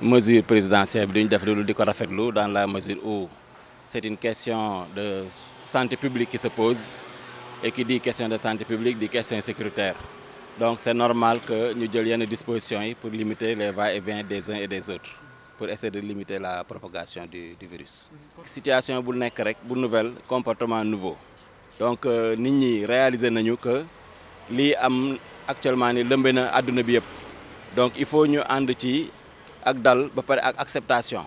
mesure présidentielle bi def lu dans la mesure où c'est une question de santé publique qui se pose et qui dit question de santé publique dit question sécuritaire donc c'est normal que nous jël des dispositions pour limiter les va-et-vient des uns et des autres pour essayer de limiter la propagation du du virus. situation est correcte, rek nouvelle comportement nouveau donc euh, nous avons réaliser que qui actuellement ni lëmbe na donc il faut nous ànd ak dal ba paré ak acceptation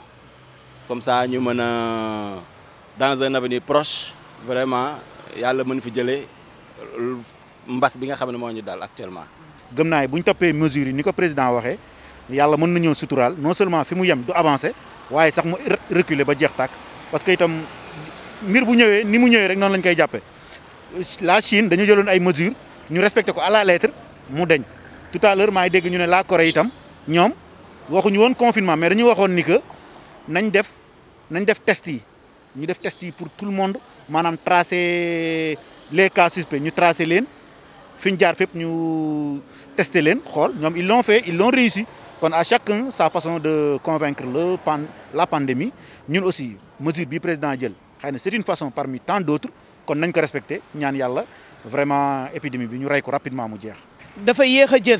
comme ça ñu mëna dans un avenir proche vraiment yalla mën fi jëlé mbass bi nga xamné mo ñu dal actuellement. gëm naa buñ topé toppee mesures ni ko président waxé yalla mëna nañoo sutural non seulement fi mu yem du avancer waye sax mu reculer ba jeex tàkk parce que itam mir bu ñëwé ni mu ñëwé rek non lañ koy jappé la Chine dañu jëlone ay mesures ñu respecté ko à la lettre mu deñ tout à l'heure maa dégg ñu né la Corée itam ñom waxuñu won confinement mais dañu waxone ni que nañ def nañ def test yi ñu pour tout le monde manam tracer les cas suspects ñu tracer leen gens. jaar fep ñu tester leen xol ils l'ont fait ils l'ont réussi kon à chacun sa façon de convaincre la pandémie Nous aussi mesure bi président jël c'est une façon parmi tant d'autres kon nañ ko respecter ñaan yalla vraiment épidémie bi ñu rey ko rapidement mu jeex. dafa jël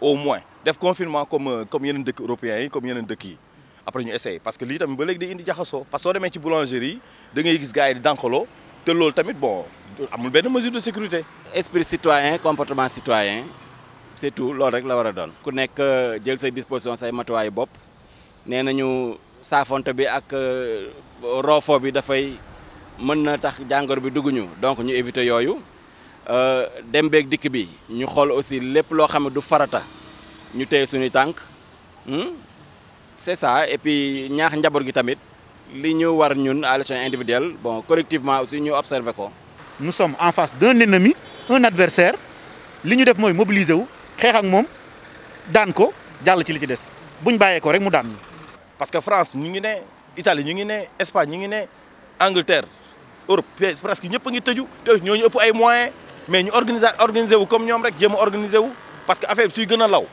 au moins def confinement comme euh, comme yeneen dëkk européens yi comme yeneen dëkk yi après ñu essayer parce que li tamit ba léegi day indi jaxaso parce que soo demee ci boulangerie da ngay gis gars yi di dankolo te lool tamit bon amul benn mesure de sécurité. esprit citoyen comportement citoyen c'est tout lool rek la wara a doon. ku nekk euh, jël say disposition say matuwaayu bop nee nañu saafonte bi ak euh, rofo bi dafay mën na tax jangor bi dugg ñu donc ñu éviter yoyu euh, dem beeg dikk bi ñu xool aussi lépp loo xam du farata ñu téye suñuy tànk hmm? c'est ça et puis ñaax njaboot gi tamit li ñu war ñun à l'échelle individuelle bon collectivement aussi ñu observer ko. nous sommes en face d'un ennemi un adversaire li ñu def mooy mobiliser wu xeex ak moom daan ko jàll ci li ci des buñ bàyyee ko rek mu daan parce que France ñu ngi ne Italie ñu ngi ne Espagne ñu ngi ne Angleterre Europe presque ñëpp a ngi tëju te ñooñu ëpp ay moyens mais ñu organiser organiser wu comme ñoom rek jéem a organiser wu parce que affaire bi suy gën a law